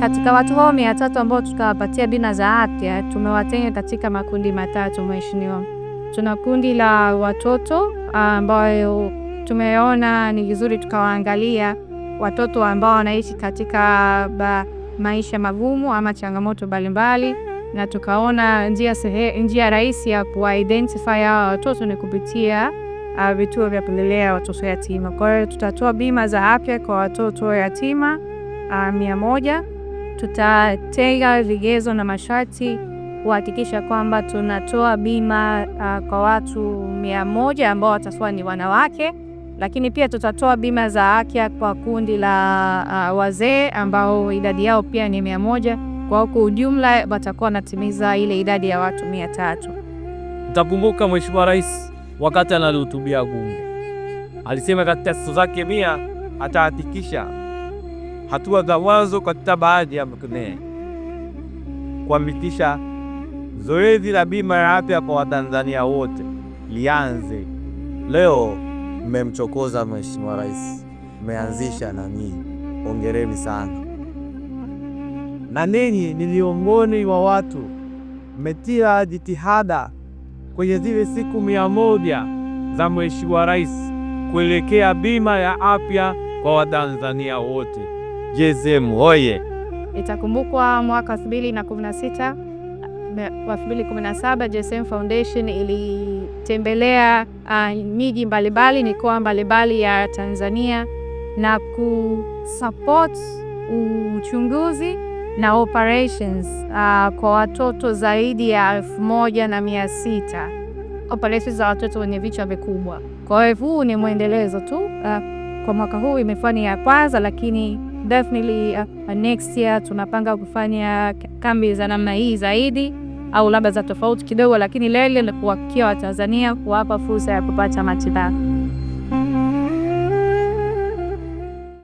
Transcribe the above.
Katika watu hao mia tatu ambao tutawapatia bima za afya tumewatenga katika makundi matatu, mheshimiwa. Tuna kundi la watoto ambayo tumeona ni vizuri tukawaangalia watoto ambao wanaishi katika ba, maisha magumu ama changamoto mbalimbali, na tukaona njia sehe, njia rahisi ya kuwaidentify hawa watoto ni kupitia uh, vituo vya kulelea watoto yatima. Kwa hiyo tutatoa bima za afya kwa watoto yatima uh, mia moja tutatenga vigezo na masharti kuhakikisha kwamba tunatoa bima uh, kwa watu mia moja ambao watakuwa ni wanawake, lakini pia tutatoa bima za afya kwa kundi la uh, wazee ambao idadi yao pia ni mia moja. Kwa kwa ujumla watakuwa wanatimiza ile idadi ya watu mia tatu. Mtakumbuka Mheshimiwa Rais wakati analihutubia bunge alisema katika siku zake mia atahakikisha hatua za mwanzo katika baadhi ya maeneo, kuhamasisha zoezi la bima ya afya kwa Watanzania wote lianze leo. Mmemchokoza Mheshimiwa Rais, mmeanzisha na nyinyi, ongereni sana. Na ninyi ni miongoni mwa watu mmetia jitihada kwenye zile siku mia moja za Mheshimiwa Rais kuelekea bima ya afya kwa Watanzania wote. JZM oye! Itakumbukwa mwaka 2016 wa 2017 JSM Foundation ilitembelea uh, miji mbalimbali mikoa mbalimbali ya Tanzania na kusupport uchunguzi na operations uh, kwa watoto zaidi ya elfu moja na mia sita operations za watoto wenye vichwa vikubwa. Kwa hiyo huu ni mwendelezo tu uh, kwa mwaka huu imefani ya kwanza, lakini definitely uh, next year tunapanga kufanya kambi za namna hii zaidi au labda za tofauti kidogo, lakini leo ile ni kuwafikia Watanzania, kuwapa fursa ya kupata matibabu.